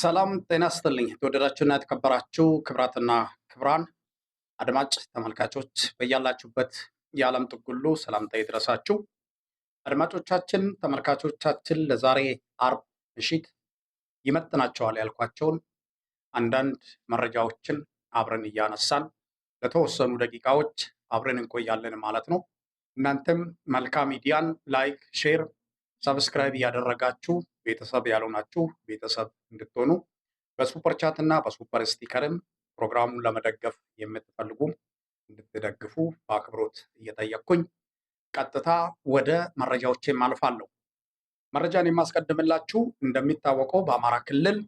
ሰላም ጤና ስትልኝ የተወደዳችሁና የተከበራችሁ ክብራትና ክብራን አድማጭ ተመልካቾች በያላችሁበት የዓለም ጥጉሉ ሰላም ሰላምታ ይድረሳችሁ። አድማጮቻችን፣ ተመልካቾቻችን ለዛሬ አርብ ምሽት ይመጥናቸዋል ያልኳቸውን አንዳንድ መረጃዎችን አብረን እያነሳን ለተወሰኑ ደቂቃዎች አብረን እንቆያለን ማለት ነው። እናንተም መልካም ሚዲያን ላይክ፣ ሼር፣ ሰብስክራይብ እያደረጋችሁ ቤተሰብ ያልሆናችሁ ቤተሰብ እንድትሆኑ በሱፐር ቻት እና በሱፐር ስቲከርም ፕሮግራሙን ለመደገፍ የምትፈልጉ እንድትደግፉ በአክብሮት እየጠየቅኩኝ ቀጥታ ወደ መረጃዎች አልፋለሁ። መረጃን የማስቀድምላችሁ እንደሚታወቀው በአማራ ክልል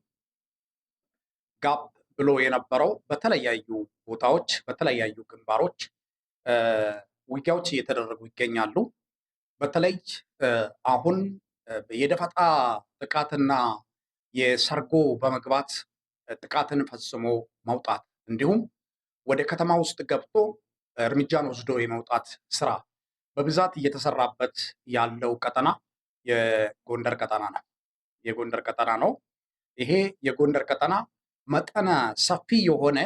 ጋብ ብሎ የነበረው በተለያዩ ቦታዎች በተለያዩ ግንባሮች ውጊያዎች እየተደረጉ ይገኛሉ። በተለይ አሁን የደፈጣ ጥቃትና የሰርጎ በመግባት ጥቃትን ፈጽሞ መውጣት እንዲሁም ወደ ከተማ ውስጥ ገብቶ እርምጃን ወስዶ የመውጣት ስራ በብዛት እየተሰራበት ያለው ቀጠና የጎንደር ቀጠና ነው። የጎንደር ቀጠና ነው። ይሄ የጎንደር ቀጠና መጠነ ሰፊ የሆነ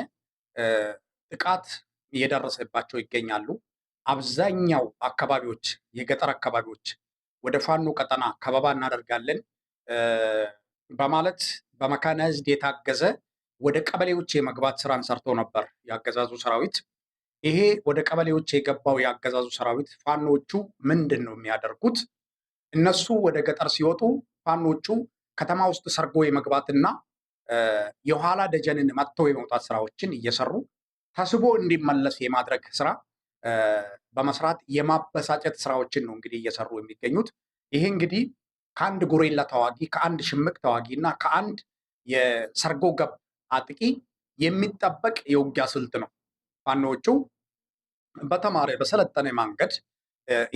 ጥቃት እየደረሰባቸው ይገኛሉ። አብዛኛው አካባቢዎች፣ የገጠር አካባቢዎች ወደ ፋኖ ቀጠና ከበባ እናደርጋለን በማለት በመካነ ህዝብ የታገዘ ወደ ቀበሌዎች የመግባት ስራን ሰርቶ ነበር የአገዛዙ ሰራዊት። ይሄ ወደ ቀበሌዎች የገባው የአገዛዙ ሰራዊት ፋኖቹ ምንድን ነው የሚያደርጉት? እነሱ ወደ ገጠር ሲወጡ ፋኖቹ ከተማ ውስጥ ሰርጎ የመግባትና የኋላ ደጀንን መጥቶ የመውጣት ስራዎችን እየሰሩ ተስቦ እንዲመለስ የማድረግ ስራ በመስራት የማበሳጨት ስራዎችን ነው እንግዲህ እየሰሩ የሚገኙት። ይሄ እንግዲህ ከአንድ ጉሬላ ተዋጊ፣ ከአንድ ሽምቅ ተዋጊ እና ከአንድ የሰርጎ ገብ አጥቂ የሚጠበቅ የውጊያ ስልት ነው። ፋኖዎቹ በተማሪ በሰለጠነ መንገድ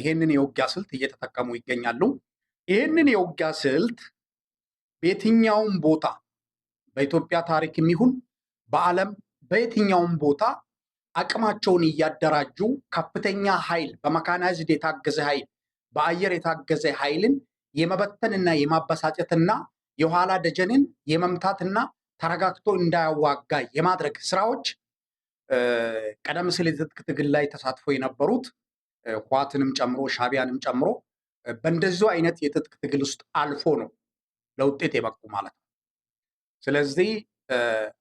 ይሄንን የውጊያ ስልት እየተጠቀሙ ይገኛሉ። ይሄንን የውጊያ ስልት በየትኛውም ቦታ በኢትዮጵያ ታሪክ የሚሆን በዓለም በየትኛውም ቦታ አቅማቸውን እያደራጁ ከፍተኛ ኃይል በመካናይዝድ የታገዘ ኃይል በአየር የታገዘ ኃይልን የመበተንና የማበሳጨትና የኋላ ደጀንን የመምታትና ተረጋግቶ እንዳያዋጋ የማድረግ ስራዎች ቀደም ሲል የትጥቅ ትግል ላይ ተሳትፎ የነበሩት ህዋትንም ጨምሮ ሻቢያንም ጨምሮ በእንደዚ አይነት የትጥቅ ትግል ውስጥ አልፎ ነው ለውጤት የበቁ ማለት ነው። ስለዚህ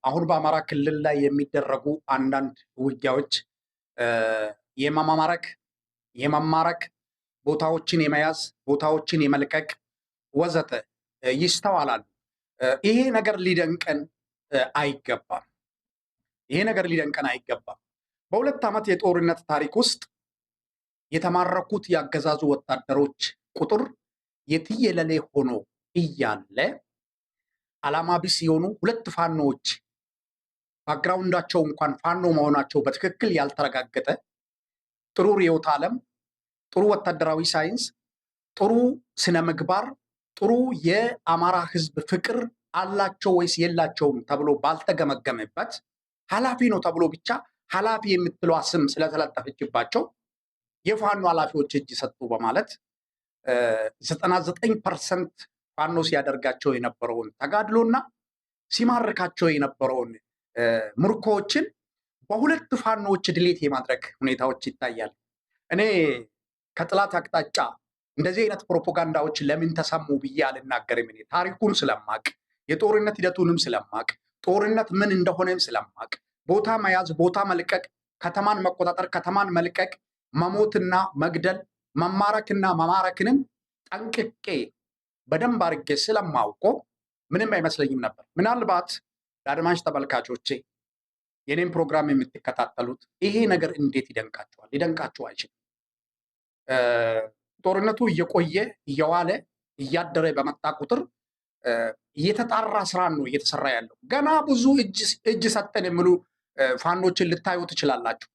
አሁን በአማራ ክልል ላይ የሚደረጉ አንዳንድ ውጊያዎች የመማረክ የመማረክ ቦታዎችን የመያዝ ቦታዎችን የመልቀቅ ወዘተ ይስተዋላል። ይሄ ነገር ሊደንቀን አይገባም። ይሄ ነገር ሊደንቀን አይገባም። በሁለት ዓመት የጦርነት ታሪክ ውስጥ የተማረኩት ያገዛዙ ወታደሮች ቁጥር የትየለሌ ሆኖ እያለ ዓላማ ቢስ የሆኑ ሁለት ፋኖዎች ባግራውንዳቸው እንኳን ፋኖ መሆናቸው በትክክል ያልተረጋገጠ ጥሩር ርዕዮተ ዓለም ጥሩ ወታደራዊ ሳይንስ፣ ጥሩ ስነ ምግባር፣ ጥሩ የአማራ ህዝብ ፍቅር አላቸው ወይስ የላቸውም ተብሎ ባልተገመገመበት ኃላፊ ነው ተብሎ ብቻ ኃላፊ የምትለዋ ስም ስለተለጠፈችባቸው የፋኖ ኃላፊዎች እጅ ሰጡ በማለት ዘጠና ዘጠኝ ፐርሰንት ፋኖ ሲያደርጋቸው የነበረውን ተጋድሎና ሲማርካቸው የነበረውን ምርኮዎችን በሁለት ፋኖዎች ድሌት የማድረግ ሁኔታዎች ይታያል። እኔ ከጥላት አቅጣጫ እንደዚህ አይነት ፕሮፓጋንዳዎች ለምን ተሰሙ ብዬ አልናገርም። እኔ ታሪኩን ስለማቅ የጦርነት ሂደቱንም ስለማቅ ጦርነት ምን እንደሆነም ስለማቅ ቦታ መያዝ፣ ቦታ መልቀቅ፣ ከተማን መቆጣጠር፣ ከተማን መልቀቅ፣ መሞትና መግደል፣ መማረክና መማረክንም ጠንቅቄ በደንብ አድርጌ ስለማውቆ ምንም አይመስለኝም ነበር። ምናልባት ለአድማጭ ተመልካቾቼ የኔም ፕሮግራም የምትከታተሉት ይሄ ነገር እንዴት ይደንቃችኋል? ሊደንቃችሁ አይችልም። ጦርነቱ እየቆየ እየዋለ እያደረ በመጣ ቁጥር የተጣራ ስራ ነው እየተሰራ ያለው። ገና ብዙ እጅ ሰጠን የሚሉ ፋኖችን ልታዩ ትችላላችሁ።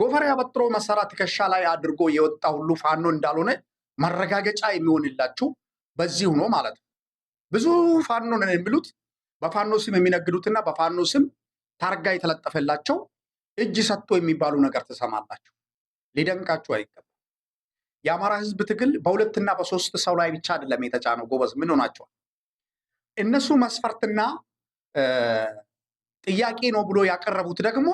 ጎፈሬ አበጥሮ መሰራ ትከሻ ላይ አድርጎ የወጣ ሁሉ ፋኖ እንዳልሆነ ማረጋገጫ የሚሆንላችሁ በዚህ ሆኖ ማለት ነው። ብዙ ፋኖ ነን የሚሉት በፋኖ ስም የሚነግዱትና በፋኖ ስም ታርጋ የተለጠፈላቸው እጅ ሰጥቶ የሚባሉ ነገር ትሰማላችሁ። ሊደንቃችሁ አይገባም። የአማራ ህዝብ ትግል በሁለትና በሶስት ሰው ላይ ብቻ አይደለም የተጫነው። ጎበዝ ምን ሆናቸዋል? እነሱ መስፈርትና ጥያቄ ነው ብሎ ያቀረቡት ደግሞ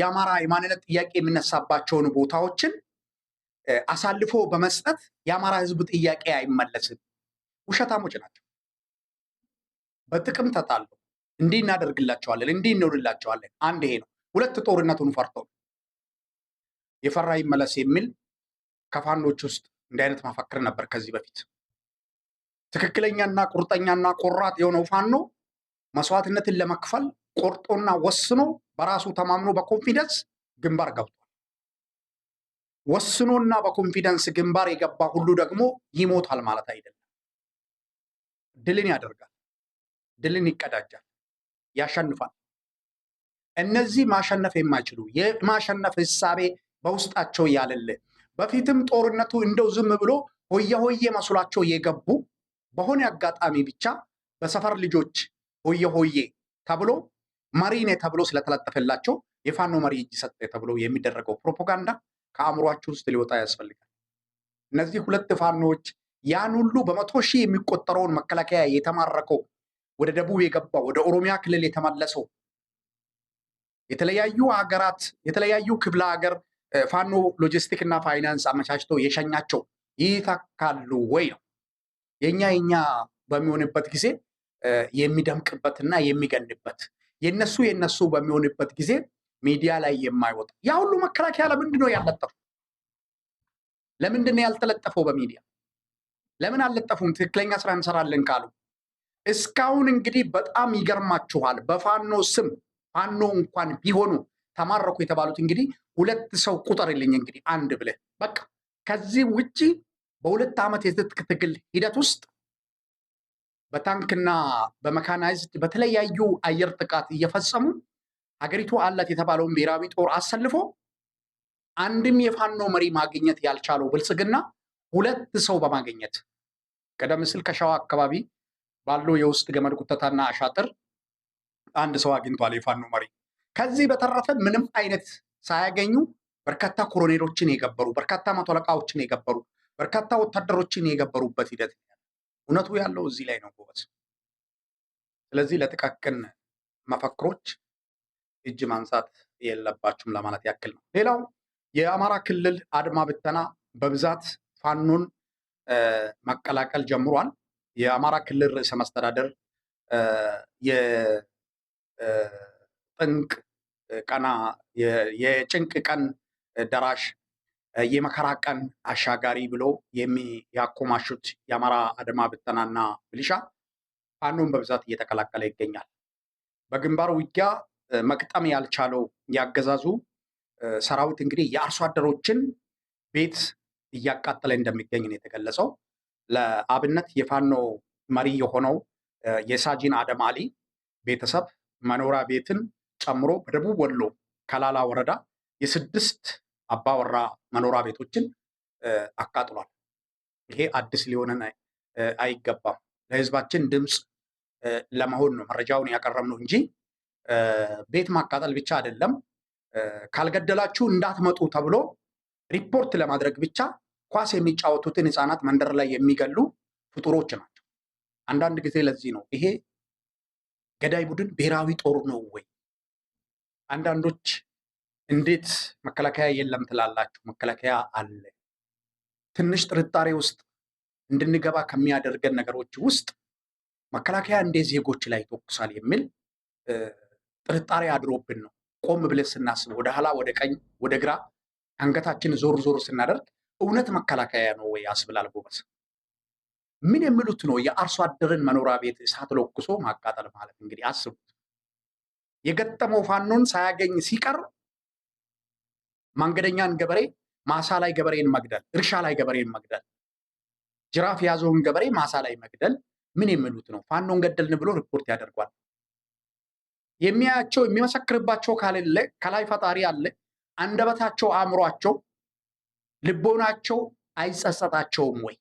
የአማራ የማንነት ጥያቄ የሚነሳባቸውን ቦታዎችን አሳልፎ በመስጠት የአማራ ህዝብ ጥያቄ አይመለስም። ውሸታሞች ናቸው። በጥቅም ተጣሉ። እንዲህ እናደርግላቸዋለን፣ እንዲህ እንውልላቸዋለን። አንድ ይሄ ነው። ሁለት ጦርነቱን ፈርተው የፈራ ይመለስ የሚል ከፋኖች ውስጥ እንዲህ አይነት መፈክር ነበር ከዚህ በፊት። ትክክለኛና ቁርጠኛና ቆራጥ የሆነው ፋኖ መስዋዕትነትን ለመክፈል ቆርጦና ወስኖ በራሱ ተማምኖ በኮንፊደንስ ግንባር ገብቷል። ወስኖና በኮንፊደንስ ግንባር የገባ ሁሉ ደግሞ ይሞታል ማለት አይደለም። ድልን ያደርጋል፣ ድልን ይቀዳጃል፣ ያሸንፋል። እነዚህ ማሸነፍ የማይችሉ የማሸነፍ ህሳቤ በውስጣቸው ያለለ በፊትም ጦርነቱ እንደው ዝም ብሎ ሆየ ሆየ መስሏቸው የገቡ በሆነ አጋጣሚ ብቻ በሰፈር ልጆች ሆየ ሆየ ተብሎ መሪኔ ተብሎ ስለተለጠፈላቸው የፋኖ መሪ እጅ ሰጠ ተብሎ የሚደረገው ፕሮፓጋንዳ ከአእምሯችሁ ውስጥ ሊወጣ ያስፈልጋል። እነዚህ ሁለት ፋኖዎች ያን ሁሉ በመቶ ሺህ የሚቆጠረውን መከላከያ የተማረከው ወደ ደቡብ የገባ ወደ ኦሮሚያ ክልል የተመለሰው የተለያዩ ሀገራት የተለያዩ ክፍለ ሀገር ፋኖ ሎጂስቲክ እና ፋይናንስ አመቻችቶ የሸኛቸው ይተካሉ ወይ ነው የእኛ የኛ በሚሆንበት ጊዜ የሚደምቅበትና የሚገንበት የነሱ የነሱ በሚሆንበት ጊዜ ሚዲያ ላይ የማይወጣ ያ ሁሉ መከላከያ ለምንድን ነው ያለጠፉ? ለምንድን ነው ያልተለጠፈው በሚዲያ ለምን አልለጠፉም? ትክክለኛ ስራ እንሰራለን ካሉ እስካሁን እንግዲህ በጣም ይገርማችኋል። በፋኖ ስም ፋኖ እንኳን ቢሆኑ ተማረኩ የተባሉት እንግዲህ ሁለት ሰው ቁጠርልኝ እንግዲህ አንድ ብለህ በቃ ከዚህ ውጭ በሁለት ዓመት የትጥቅ ትግል ሂደት ውስጥ በታንክና በመካናይዝድ በተለያዩ አየር ጥቃት እየፈጸሙ ሀገሪቱ አላት የተባለውን ብሔራዊ ጦር አሰልፎ አንድም የፋኖ መሪ ማግኘት ያልቻለው ብልጽግና ሁለት ሰው በማግኘት ቀደም ሲል ከሸዋ አካባቢ ባለው የውስጥ ገመድ ቁተታና አሻጥር አንድ ሰው አግኝቷል የፋኖ መሪ። ከዚህ በተረፈ ምንም አይነት ሳያገኙ በርካታ ኮሎኔሎችን የገበሩ በርካታ መቶ አለቃዎችን የገበሩ በርካታ ወታደሮችን የገበሩበት ሂደት እውነቱ ያለው እዚህ ላይ ነው ጎበዝ። ስለዚህ ለጥቃቅን መፈክሮች እጅ ማንሳት የለባችሁም ለማለት ያክል ነው። ሌላው የአማራ ክልል አድማ ብተና በብዛት ፋኖን መቀላቀል ጀምሯል። የአማራ ክልል ርዕሰ መስተዳደር የጥንቅ ቀና የጭንቅ ቀን ደራሽ የመከራ ቀን አሻጋሪ ብሎ የሚያኮማሹት የአማራ አድማ ብተናና ሚሊሻ ፋኖን በብዛት እየተቀላቀለ ይገኛል። በግንባር ውጊያ መቅጠም ያልቻለው ያገዛዙ ሰራዊት እንግዲህ የአርሶ አደሮችን ቤት እያቃጠለ እንደሚገኝ ነው የተገለጸው። ለአብነት የፋኖ መሪ የሆነው የሳጂን አደም አሊ ቤተሰብ መኖሪያ ቤትን ጨምሮ በደቡብ ወሎ ከላላ ወረዳ የስድስት አባወራ መኖሪያ ቤቶችን አቃጥሏል። ይሄ አዲስ ሊሆነን አይገባም። ለህዝባችን ድምፅ ለመሆን ነው መረጃውን ያቀረብነው እንጂ ቤት ማቃጠል ብቻ አይደለም። ካልገደላችሁ እንዳትመጡ ተብሎ ሪፖርት ለማድረግ ብቻ ኳስ የሚጫወቱትን ህፃናት መንደር ላይ የሚገሉ ፍጡሮች ናቸው። አንዳንድ ጊዜ ለዚህ ነው ይሄ ገዳይ ቡድን ብሔራዊ ጦር ነው ወይ አንዳንዶች እንዴት መከላከያ የለም ትላላችሁ? መከላከያ አለ። ትንሽ ጥርጣሬ ውስጥ እንድንገባ ከሚያደርገን ነገሮች ውስጥ መከላከያ እንደ ዜጎች ላይ ይተኩሳል የሚል ጥርጣሬ አድሮብን ነው። ቆም ብለን ስናስብ ወደ ኋላ፣ ወደ ቀኝ፣ ወደ ግራ አንገታችን ዞር ዞር ስናደርግ እውነት መከላከያ ነው ወይ አስብላል። ጎበዝ ምን የሚሉት ነው? የአርሶ አደርን መኖሪያ ቤት እሳት ለኩሶ ማቃጠል ማለት እንግዲህ አስቡ። የገጠመው ፋኖን ሳያገኝ ሲቀር መንገደኛን ገበሬ ማሳ ላይ ገበሬን መግደል፣ እርሻ ላይ ገበሬን መግደል፣ ጅራፍ የያዘውን ገበሬ ማሳ ላይ መግደል ምን የሚሉት ነው? ፋኖን ገደልን ብሎ ሪፖርት ያደርጓል። የሚያያቸው የሚመሰክርባቸው ካሌለ ከላይ ፈጣሪ አለ። አንደበታቸው፣ አእምሯቸው፣ ልቦናቸው አይጸጸጣቸውም ወይ?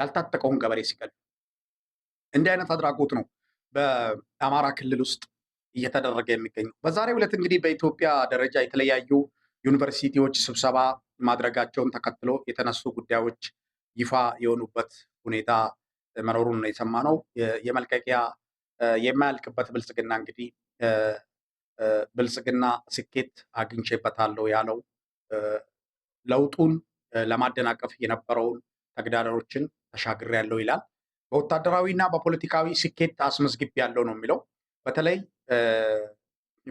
ያልታጠቀውን ገበሬ ሲገል እንዲህ አይነት አድራጎት ነው በአማራ ክልል ውስጥ እየተደረገ የሚገኘው። በዛሬው ዕለት እንግዲህ በኢትዮጵያ ደረጃ የተለያዩ ዩኒቨርሲቲዎች ስብሰባ ማድረጋቸውን ተከትሎ የተነሱ ጉዳዮች ይፋ የሆኑበት ሁኔታ መኖሩን ነው የሰማነው። የመልቀቂያ የማያልቅበት ብልጽግና እንግዲህ ብልጽግና ስኬት አግኝቼበታለሁ ያለው ለውጡን ለማደናቀፍ የነበረውን ተግዳሮችን ተሻግሬያለሁ ይላል። በወታደራዊ ና በፖለቲካዊ ስኬት አስመዝግቤያለሁ ነው የሚለው። በተለይ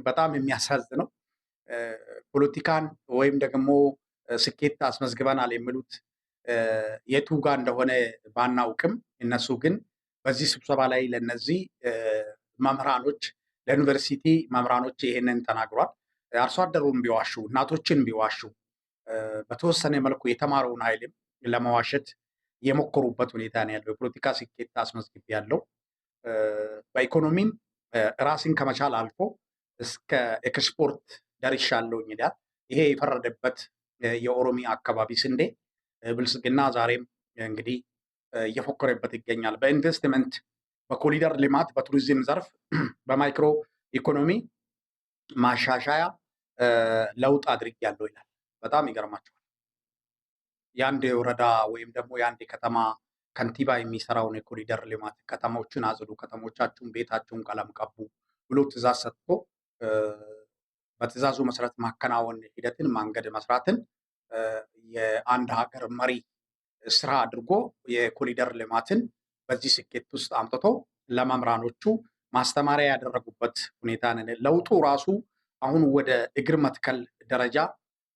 በጣም የሚያሳዝነው ፖለቲካን ወይም ደግሞ ስኬት አስመዝግበናል የሚሉት የቱ ጋር እንደሆነ ባናውቅም እነሱ ግን በዚህ ስብሰባ ላይ ለነዚህ መምህራኖች ለዩኒቨርሲቲ መምህራኖች ይህንን ተናግሯል። አርሶ አደሩን ቢዋሹ እናቶችን ቢዋሹ በተወሰነ መልኩ የተማረውን ኃይልም ለመዋሸት የሞከሩበት ሁኔታ ነው ያለው። የፖለቲካ ስኬት አስመዝግብ ያለው በኢኮኖሚም ራሴን ከመቻል አልፎ እስከ ኤክስፖርት ደርሻለሁኝ ይላል። ይሄ የፈረደበት የኦሮሚያ አካባቢ ስንዴ ብልጽግና ዛሬም እንግዲህ እየፎከረበት ይገኛል። በኢንቨስትመንት፣ በኮሊደር ልማት፣ በቱሪዝም ዘርፍ፣ በማይክሮ ኢኮኖሚ ማሻሻያ ለውጥ አድርጌያለሁ ይላል። በጣም ይገርማቸዋል። የአንድ ወረዳ ወይም ደግሞ የአንድ ከተማ ከንቲባ የሚሰራውን የኮሪደር ልማት ከተሞችን አጽዱ፣ ከተሞቻችሁን ቤታችሁን ቀለም ቀቡ ብሎ ትእዛዝ ሰጥቶ በትእዛዙ መሰረት ማከናወን ሂደትን ማንገድ መስራትን የአንድ ሀገር መሪ ስራ አድርጎ የኮሪደር ልማትን በዚህ ስኬት ውስጥ አምጥቶ ለመምራኖቹ ማስተማሪያ ያደረጉበት ሁኔታ ነን። ለውጡ ራሱ አሁን ወደ እግር መትከል ደረጃ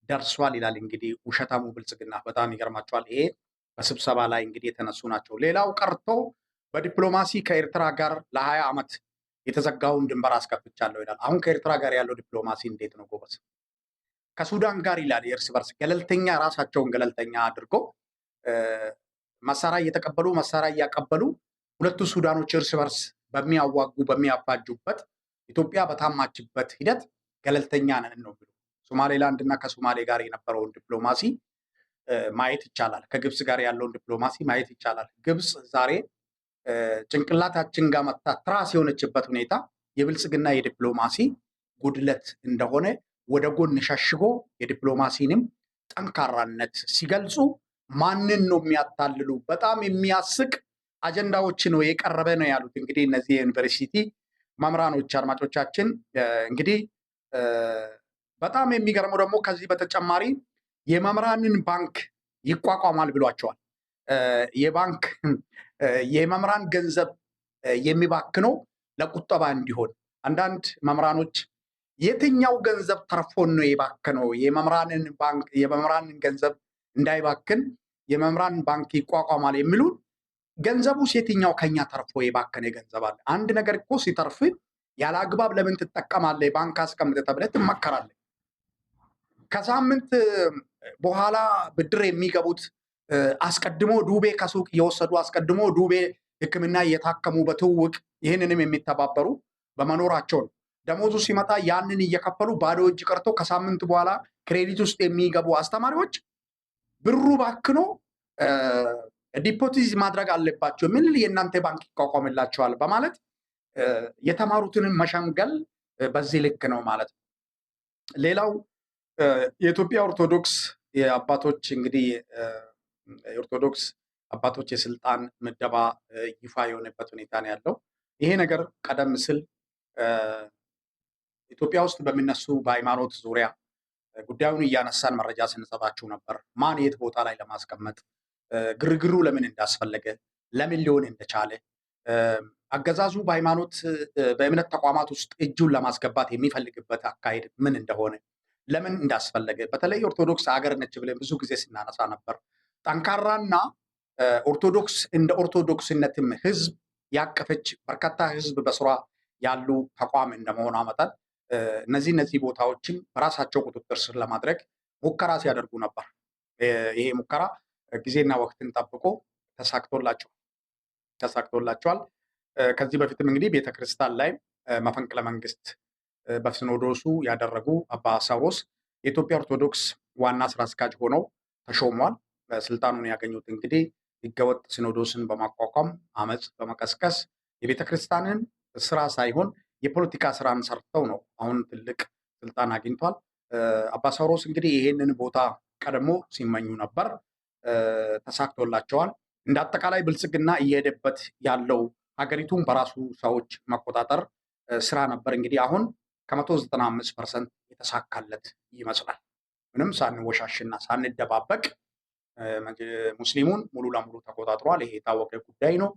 ደርሷል ይላል። እንግዲህ ውሸታሙ ብልጽግና በጣም ይገርማቸዋል ይሄ በስብሰባ ላይ እንግዲህ የተነሱ ናቸው። ሌላው ቀርቶ በዲፕሎማሲ ከኤርትራ ጋር ለሀያ ዓመት የተዘጋውን ድንበር አስከፍቻለሁ ይላል። አሁን ከኤርትራ ጋር ያለው ዲፕሎማሲ እንዴት ነው ጎበዝ? ከሱዳን ጋር ይላል የእርስ በርስ ገለልተኛ ራሳቸውን ገለልተኛ አድርጎ መሳሪያ እየተቀበሉ መሳሪያ እያቀበሉ ሁለቱ ሱዳኖች እርስ በርስ በሚያዋጉ በሚያፋጁበት ኢትዮጵያ በታማችበት ሂደት ገለልተኛ ነን ነው የሚሉ ሶማሌላንድ እና ከሶማሌ ጋር የነበረውን ዲፕሎማሲ ማየት ይቻላል። ከግብፅ ጋር ያለውን ዲፕሎማሲ ማየት ይቻላል። ግብፅ ዛሬ ጭንቅላታችን ጋር መታ ትራስ የሆነችበት ሁኔታ የብልጽግና የዲፕሎማሲ ጉድለት እንደሆነ ወደ ጎን ሸሽጎ የዲፕሎማሲንም ጠንካራነት ሲገልጹ ማንን ነው የሚያታልሉ? በጣም የሚያስቅ አጀንዳዎች ነው የቀረበ ነው ያሉት። እንግዲህ እነዚህ የዩኒቨርሲቲ መምህራኖች አድማጮቻችን እንግዲህ በጣም የሚገርመው ደግሞ ከዚህ በተጨማሪ የመምህራንን ባንክ ይቋቋማል ብሏቸዋል። የባንክ የመምህራን ገንዘብ የሚባክነው ለቁጠባ እንዲሆን አንዳንድ መምህራኖች የትኛው ገንዘብ ተርፎን ነው የባከነው? የመምህራንን ባንክ የመምህራንን ገንዘብ እንዳይባክን የመምህራን ባንክ ይቋቋማል የሚሉን ገንዘቡ የትኛው ከኛ ተርፎ የባከነ ገንዘብ አለ? አንድ ነገር እኮ ሲተርፍ ያለ አግባብ ለምን ትጠቀማለህ? ባንክ አስቀምጠ ተብለህ ትመከራለህ። ከሳምንት በኋላ ብድር የሚገቡት አስቀድሞ ዱቤ ከሱቅ እየወሰዱ አስቀድሞ ዱቤ ሕክምና እየታከሙ በትውውቅ ይህንንም የሚተባበሩ በመኖራቸው ነው። ደሞዙ ሲመጣ ያንን እየከፈሉ ባዶ እጅ ቀርቶ ከሳምንት በኋላ ክሬዲት ውስጥ የሚገቡ አስተማሪዎች ብሩ ባክኖ ዲፖቲዝ ማድረግ አለባቸው የሚል የእናንተ ባንክ ይቋቋምላቸዋል በማለት የተማሩትንን መሸምገል በዚህ ልክ ነው ማለት ነው። ሌላው የኢትዮጵያ ኦርቶዶክስ የአባቶች እንግዲህ የኦርቶዶክስ አባቶች የስልጣን ምደባ ይፋ የሆነበት ሁኔታ ነው ያለው። ይሄ ነገር ቀደም ሲል ኢትዮጵያ ውስጥ በሚነሱ በሃይማኖት ዙሪያ ጉዳዩን እያነሳን መረጃ ስንሰጣችሁ ነበር። ማን የት ቦታ ላይ ለማስቀመጥ ግርግሩ ለምን እንዳስፈለገ ለምን ሊሆን እንደቻለ አገዛዙ በሃይማኖት በእምነት ተቋማት ውስጥ እጁን ለማስገባት የሚፈልግበት አካሄድ ምን እንደሆነ ለምን እንዳስፈለገ በተለይ ኦርቶዶክስ ሀገር ነች ብለን ብዙ ጊዜ ስናነሳ ነበር። ጠንካራና ኦርቶዶክስ እንደ ኦርቶዶክስነትም ህዝብ ያቀፈች በርካታ ህዝብ በስራ ያሉ ተቋም እንደመሆኗ መጠን እነዚህ እነዚህ ቦታዎችን በራሳቸው ቁጥጥር ስር ለማድረግ ሙከራ ሲያደርጉ ነበር። ይሄ ሙከራ ጊዜና ወቅትን ጠብቆ ተሳክቶላቸዋል ተሳክቶላቸዋል። ከዚህ በፊትም እንግዲህ ቤተክርስቲያን ላይ መፈንቅለ መንግስት በሲኖዶሱ ያደረጉ አባ ሳዊሮስ የኢትዮጵያ ኦርቶዶክስ ዋና ስራ አስኪያጅ ሆነው ተሾሟል። ስልጣኑን ያገኙት እንግዲህ ህገወጥ ሲኖዶስን በማቋቋም አመፅ በመቀስቀስ የቤተ ክርስቲያንን ስራ ሳይሆን የፖለቲካ ስራን ሰርተው ነው። አሁን ትልቅ ስልጣን አግኝቷል። አባ ሳዊሮስ እንግዲህ ይሄንን ቦታ ቀድሞ ሲመኙ ነበር፣ ተሳክቶላቸዋል። እንደ አጠቃላይ ብልጽግና እየሄደበት ያለው ሀገሪቱን በራሱ ሰዎች መቆጣጠር ስራ ነበር። እንግዲህ አሁን ከ195 ፐርሰንት የተሳካለት ይመስላል። ምንም ሳንወሻሽና ሳንደባበቅ ሙስሊሙን ሙሉ ለሙሉ ተቆጣጥሯል። ይሄ የታወቀ ጉዳይ ነው።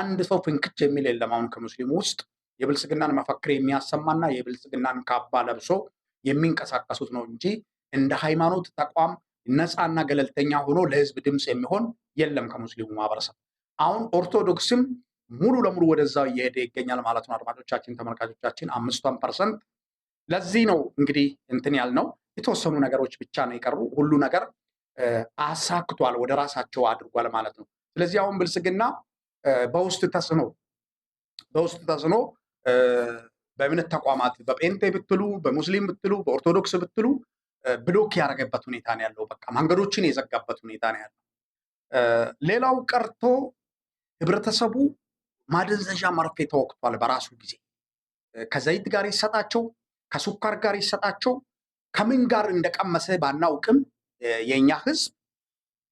አንድ ሰው ፍንክች የሚል የለም። አሁን ከሙስሊሙ ውስጥ የብልጽግናን መፈክር የሚያሰማና የብልጽግናን ካባ ለብሶ የሚንቀሳቀሱት ነው እንጂ እንደ ሃይማኖት ተቋም ነፃና ገለልተኛ ሆኖ ለህዝብ ድምፅ የሚሆን የለም ከሙስሊሙ ማህበረሰብ። አሁን ኦርቶዶክስም ሙሉ ለሙሉ ወደዛው እየሄደ ይገኛል ማለት ነው። አድማጮቻችን፣ ተመልካቾቻችን አምስቷን ፐርሰንት ለዚህ ነው እንግዲህ እንትን ያልነው የተወሰኑ ነገሮች ብቻ ነው የቀሩ። ሁሉ ነገር አሳክቷል፣ ወደ ራሳቸው አድርጓል ማለት ነው። ስለዚህ አሁን ብልጽግና በውስጥ ተጽዕኖ በውስጥ ተጽዕኖ በእምነት ተቋማት በጴንቴ ብትሉ፣ በሙስሊም ብትሉ፣ በኦርቶዶክስ ብትሉ ብሎክ ያደረገበት ሁኔታ ነው ያለው። በቃ መንገዶችን የዘጋበት ሁኔታ ነው ያለው። ሌላው ቀርቶ ህብረተሰቡ ማደንዘዣ መርፌ ተወቅቷል በራሱ ጊዜ ከዘይት ጋር ይሰጣቸው ከሱካር ጋር ይሰጣቸው ከምን ጋር እንደቀመሰ ባናውቅም የእኛ ህዝብ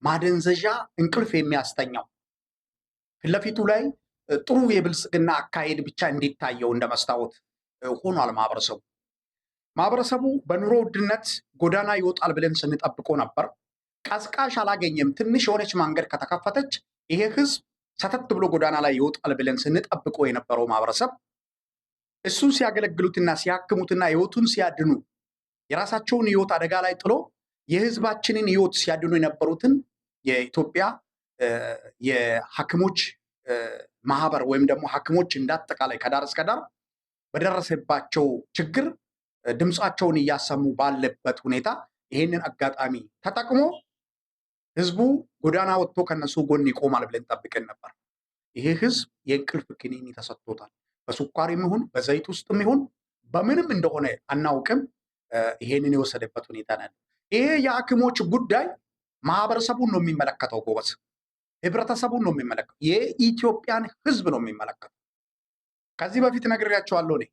ማደንዘዣ እንቅልፍ የሚያስተኛው ፊትለፊቱ ላይ ጥሩ የብልጽግና አካሄድ ብቻ እንዲታየው እንደ መስታወት ሆኗል ማህበረሰቡ። ማህበረሰቡ በኑሮ ውድነት ጎዳና ይወጣል ብለን ስንጠብቆ ነበር። ቀዝቃሽ አላገኘም። ትንሽ የሆነች መንገድ ከተከፈተች ይሄ ህዝብ ሰተት ብሎ ጎዳና ላይ ይወጣል ብለን ስንጠብቆ የነበረው ማህበረሰብ እሱን ሲያገለግሉትና ሲያክሙትና ህይወቱን ሲያድኑ የራሳቸውን ህይወት አደጋ ላይ ጥሎ የህዝባችንን ህይወት ሲያድኑ የነበሩትን የኢትዮጵያ የሐኪሞች ማህበር ወይም ደግሞ ሐኪሞች እንዳጠቃላይ ከዳር እስከ ዳር በደረሰባቸው ችግር ድምፃቸውን እያሰሙ ባለበት ሁኔታ ይህንን አጋጣሚ ተጠቅሞ ህዝቡ ጎዳና ወጥቶ ከነሱ ጎን ይቆማል ብለን ጠብቀን ነበር። ይሄ ህዝብ የእንቅልፍ ክኒኒ ተሰጥቶታል። በሱኳሪም ይሁን በዘይት ውስጥም ይሁን በምንም እንደሆነ አናውቅም። ይሄንን የወሰደበት ሁኔታ ነው። ይሄ የሐኪሞች ጉዳይ ማህበረሰቡን ነው የሚመለከተው። ጎበዝ ህብረተሰቡን ነው የሚመለከተው። የኢትዮጵያን ህዝብ ነው የሚመለከተው። ከዚህ በፊት ነግሬያቸዋለሁ። እኔ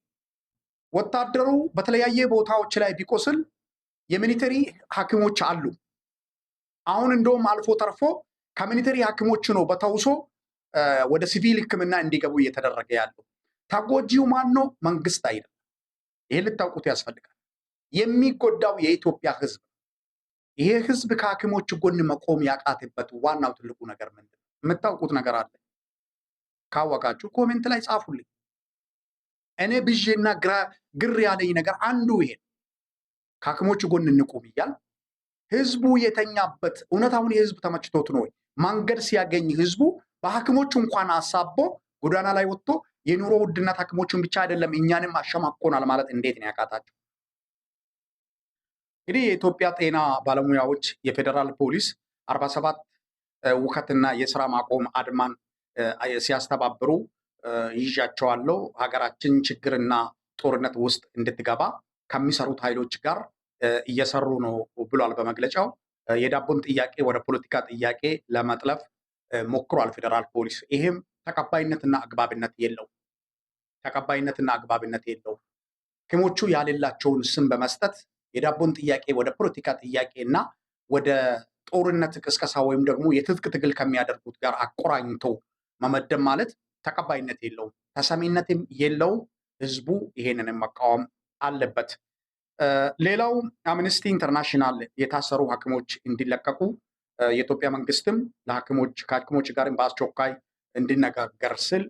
ወታደሩ በተለያየ ቦታዎች ላይ ቢቆስል የሚኒተሪ ሐኪሞች አሉ አሁን እንደውም አልፎ ተርፎ ከሚሊተሪ ሐኪሞች ነው በተውሶ ወደ ሲቪል ሕክምና እንዲገቡ እየተደረገ ያለው። ተጎጂው ማን ነው? መንግስት አይደለም። ይህ ልታውቁት ያስፈልጋል። የሚጎዳው የኢትዮጵያ ህዝብ ነው። ይሄ ህዝብ ከሐኪሞች ጎን መቆም ያቃትበት ዋናው ትልቁ ነገር ምንድን ነው? የምታውቁት ነገር አለ ካወቃችሁ ኮሜንት ላይ ጻፉልኝ። እኔ ብዤና ግር ያለኝ ነገር አንዱ ይሄ ከሐኪሞች ጎን እንቁም እያል ህዝቡ የተኛበት እውነት አሁን የህዝብ ተመችቶት ነው ወይ? ማንገድ ሲያገኝ ህዝቡ በሐኪሞች እንኳን አሳቦ ጎዳና ላይ ወጥቶ የኑሮ ውድነት ሐኪሞችን ብቻ አይደለም እኛንም አሸማቆናል ማለት እንዴት ነው ያቃታቸው? እንግዲህ የኢትዮጵያ ጤና ባለሙያዎች የፌዴራል ፖሊስ አርባ ሰባት ውከትና የስራ ማቆም አድማን ሲያስተባብሩ ይዣቸዋለሁ። ሀገራችን ችግርና ጦርነት ውስጥ እንድትገባ ከሚሰሩት ኃይሎች ጋር እየሰሩ ነው ብሏል በመግለጫው። የዳቦን ጥያቄ ወደ ፖለቲካ ጥያቄ ለመጥለፍ ሞክሯል ፌዴራል ፖሊስ። ይሄም ተቀባይነትና አግባብነት የለው ተቀባይነትና አግባብነት የለው። ሐኪሞቹ ያሌላቸውን ስም በመስጠት የዳቦን ጥያቄ ወደ ፖለቲካ ጥያቄ እና ወደ ጦርነት ቅስቀሳ ወይም ደግሞ የትጥቅ ትግል ከሚያደርጉት ጋር አቆራኝቶ መመደብ ማለት ተቀባይነት የለውም፣ ተሰሚነትም የለውም። ህዝቡ ይሄንን መቃወም አለበት። ሌላው አምነስቲ ኢንተርናሽናል የታሰሩ ሐኪሞች እንዲለቀቁ የኢትዮጵያ መንግስትም ለሐኪሞች ከሐኪሞች ጋርም በአስቸኳይ እንዲነጋገር ስል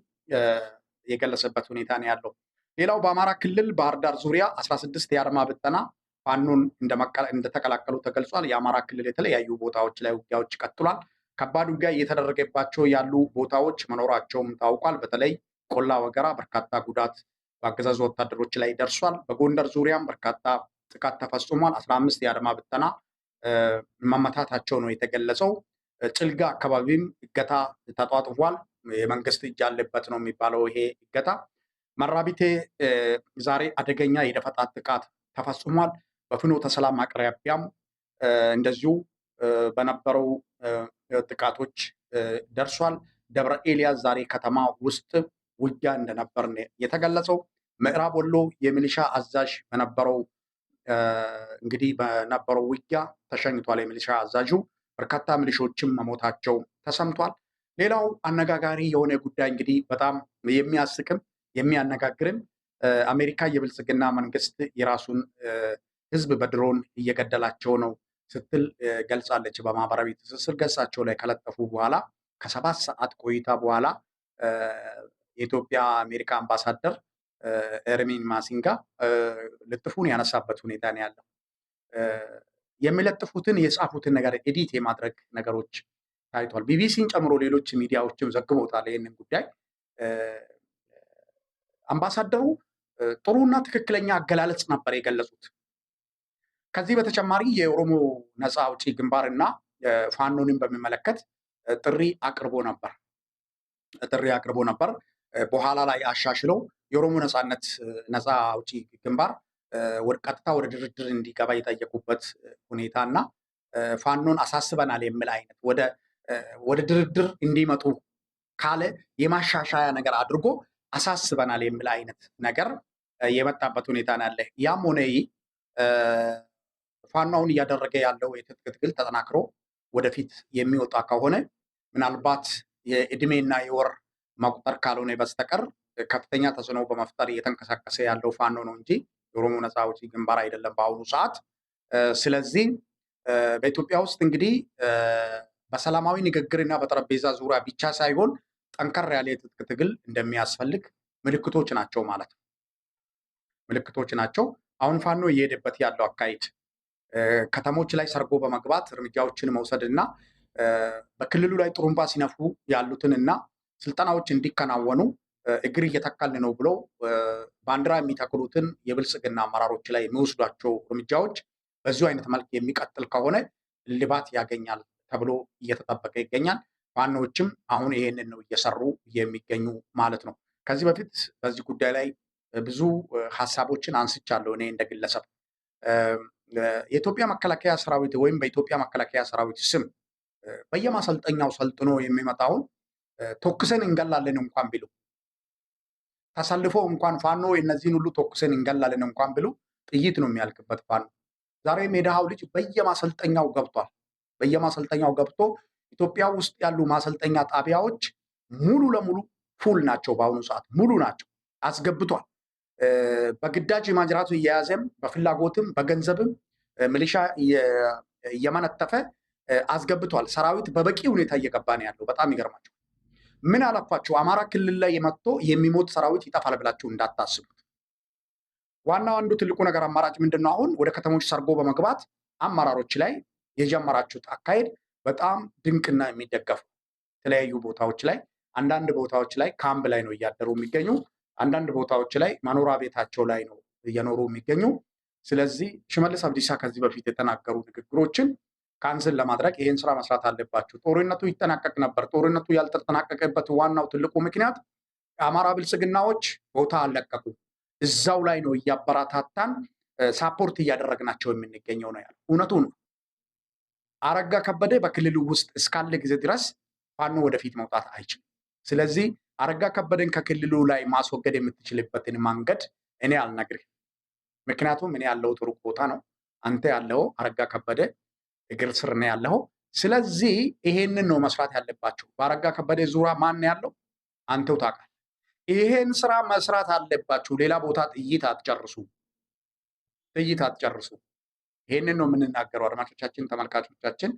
የገለጸበት ሁኔታ ነው ያለው። ሌላው በአማራ ክልል ባህር ዳር ዙሪያ 16 የአድማ ብጠና ፋኖን እንደተቀላቀሉ ተገልጿል። የአማራ ክልል የተለያዩ ቦታዎች ላይ ውጊያዎች ቀጥሏል። ከባድ ውጊያ እየተደረገባቸው ያሉ ቦታዎች መኖራቸውም ታውቋል። በተለይ ቆላ ወገራ በርካታ ጉዳት በአገዛዙ ወታደሮች ላይ ደርሷል። በጎንደር ዙሪያም በርካታ ጥቃት ተፈጽሟል። አስራ አምስት የአድማ ብተና መመታታቸው ነው የተገለጸው። ጭልጋ አካባቢም እገታ ተጧጥፏል። የመንግስት እጅ ያለበት ነው የሚባለው ይሄ እገታ። መራቢቴ ዛሬ አደገኛ የደፈጣ ጥቃት ተፈጽሟል። በፍኖተ ሰላም አቅራቢያም እንደዚሁ በነበረው ጥቃቶች ደርሷል። ደብረ ኤልያስ ዛሬ ከተማ ውስጥ ውጊያ እንደነበር የተገለጸው ምዕራብ ወሎ የሚሊሻ አዛዥ በነበረው እንግዲህ በነበረው ውጊያ ተሸኝቷል። የሚሊሻ አዛዡ በርካታ ሚሊሾችም መሞታቸው ተሰምቷል። ሌላው አነጋጋሪ የሆነ ጉዳይ እንግዲህ በጣም የሚያስቅም የሚያነጋግርም አሜሪካ የብልጽግና መንግስት የራሱን ህዝብ በድሮን እየገደላቸው ነው ስትል ገልጻለች። በማህበራዊ ትስስር ገጻቸው ላይ ከለጠፉ በኋላ ከሰባት ሰዓት ቆይታ በኋላ የኢትዮጵያ አሜሪካ አምባሳደር ኤርሚን ማሲንጋ ልጥፉን ያነሳበት ሁኔታ ነው ያለው። የሚለጥፉትን የጻፉትን ነገር ኤዲት የማድረግ ነገሮች ታይቷል። ቢቢሲን ጨምሮ ሌሎች ሚዲያዎችም ዘግቦታል ይህንን ጉዳይ። አምባሳደሩ ጥሩና ትክክለኛ አገላለጽ ነበር የገለጹት። ከዚህ በተጨማሪ የኦሮሞ ነፃ አውጪ ግንባር እና ፋኖንም በሚመለከት ጥሪ አቅርቦ ነበር ጥሪ አቅርቦ ነበር። በኋላ ላይ አሻሽለው የኦሮሞ ነጻነት ነጻ አውጪ ግንባር ቀጥታ ወደ ድርድር እንዲገባ የጠየቁበት ሁኔታ እና ፋኖን አሳስበናል የሚል አይነት ወደ ድርድር እንዲመጡ ካለ የማሻሻያ ነገር አድርጎ አሳስበናል የሚል አይነት ነገር የመጣበት ሁኔታ ያለ። ያም ሆነ ፋናውን እያደረገ ያለው የትጥቅ ትግል ተጠናክሮ ወደፊት የሚወጣ ከሆነ ምናልባት የእድሜና የወር መቁጠር ካልሆነ በስተቀር ከፍተኛ ተጽዕኖ በመፍጠር እየተንቀሳቀሰ ያለው ፋኖ ነው እንጂ የኦሮሞ ነፃ አውጪ ግንባር አይደለም በአሁኑ ሰዓት። ስለዚህ በኢትዮጵያ ውስጥ እንግዲህ በሰላማዊ ንግግርና በጠረጴዛ ዙሪያ ብቻ ሳይሆን ጠንከር ያለ የትጥቅ ትግል እንደሚያስፈልግ ምልክቶች ናቸው ማለት ነው። ምልክቶች ናቸው። አሁን ፋኖ እየሄደበት ያለው አካሄድ ከተሞች ላይ ሰርጎ በመግባት እርምጃዎችን መውሰድ እና በክልሉ ላይ ጥሩምባ ሲነፉ ያሉትን እና ስልጠናዎች እንዲከናወኑ እግር እየተካል ነው ብሎ ባንዲራ የሚተክሉትን የብልጽግና አመራሮች ላይ የሚወስዷቸው እርምጃዎች በዚሁ አይነት መልክ የሚቀጥል ከሆነ ልባት ያገኛል ተብሎ እየተጠበቀ ይገኛል። ፋኖዎችም አሁን ይሄንን ነው እየሰሩ የሚገኙ ማለት ነው። ከዚህ በፊት በዚህ ጉዳይ ላይ ብዙ ሀሳቦችን አንስቻለሁ። እኔ እንደ ግለሰብ የኢትዮጵያ መከላከያ ሰራዊት ወይም በኢትዮጵያ መከላከያ ሰራዊት ስም በየማሰልጠኛው ሰልጥኖ የሚመጣውን ተኩሰን እንገላለን እንኳን ቢሉ ተሰልፎ እንኳን ፋኖ እነዚህን ሁሉ ተኩሰን እንገላለን እንኳን ቢሉ ጥይት ነው የሚያልቅበት ፋኖ። ዛሬ ሜዳሃው ልጅ በየማሰልጠኛው ገብቷል። በየማሰልጠኛው ገብቶ ኢትዮጵያ ውስጥ ያሉ ማሰልጠኛ ጣቢያዎች ሙሉ ለሙሉ ፉል ናቸው። በአሁኑ ሰዓት ሙሉ ናቸው። አስገብቷል። በግዳጅ ማጅራቱ እየያዘም በፍላጎትም በገንዘብም ሚሊሻ እየመነተፈ አስገብቷል። ሰራዊት በበቂ ሁኔታ እየገባ ነው ያለው። በጣም ይገርማቸው። ምን አላኳቸው? አማራ ክልል ላይ መጥቶ የሚሞት ሰራዊት ይጠፋል ብላችሁ እንዳታስቡት። ዋናው አንዱ ትልቁ ነገር አማራጭ ምንድን ነው? አሁን ወደ ከተሞች ሰርጎ በመግባት አመራሮች ላይ የጀመራችሁት አካሄድ በጣም ድንቅና የሚደገፉ የተለያዩ ቦታዎች ላይ አንዳንድ ቦታዎች ላይ ካምፕ ላይ ነው እያደሩ የሚገኙ አንዳንድ ቦታዎች ላይ መኖሪያ ቤታቸው ላይ ነው እየኖሩ የሚገኙ ስለዚህ ሽመልስ አብዲሳ ከዚህ በፊት የተናገሩ ንግግሮችን ካንስል ለማድረግ ይህን ስራ መስራት አለባቸው። ጦርነቱ ይጠናቀቅ ነበር። ጦርነቱ ያልተጠናቀቀበት ዋናው ትልቁ ምክንያት የአማራ ብልጽግናዎች ቦታ አልለቀቁ። እዛው ላይ ነው እያበራታታን ሳፖርት እያደረግናቸው የምንገኘው ነው ያለው። እውነቱ ነው። አረጋ ከበደ በክልሉ ውስጥ እስካለ ጊዜ ድረስ ፋኖ ወደፊት መውጣት አይችልም። ስለዚህ አረጋ ከበደን ከክልሉ ላይ ማስወገድ የምትችልበትን መንገድ እኔ አልነግርህ። ምክንያቱም እኔ ያለው ጥሩ ቦታ ነው። አንተ ያለው አረጋ ከበደ እግር ስር ነው ያለው። ስለዚህ ይሄንን ነው መስራት ያለባቸው። በአረጋ ከበደ ዙሪያ ማን ያለው አንተው ታውቃለህ። ይሄን ስራ መስራት አለባችሁ። ሌላ ቦታ ጥይት አትጨርሱ፣ ጥይት አትጨርሱ። ይሄንን ነው የምንናገረው። አድማጮቻችን፣ ተመልካቾቻችን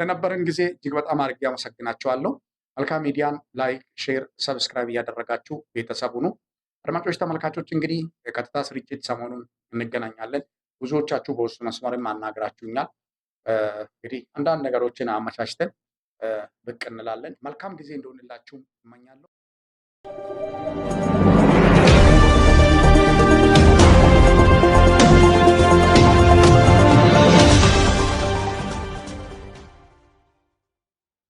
ለነበረን ጊዜ እጅግ በጣም አድርጌ አመሰግናችኋለሁ። መልካም ሚዲያን ላይክ፣ ሼር፣ ሰብስክራይብ እያደረጋችሁ ቤተሰቡ ነው። አድማጮች፣ ተመልካቾች እንግዲህ ቀጥታ ስርጭት ሰሞኑን እንገናኛለን። ብዙዎቻችሁ በውስጥ መስመርም አናግራችሁኛል። እንግዲህ አንዳንድ ነገሮችን አመቻችተን ብቅ እንላለን። መልካም ጊዜ እንደሆንላችሁም እመኛለሁ።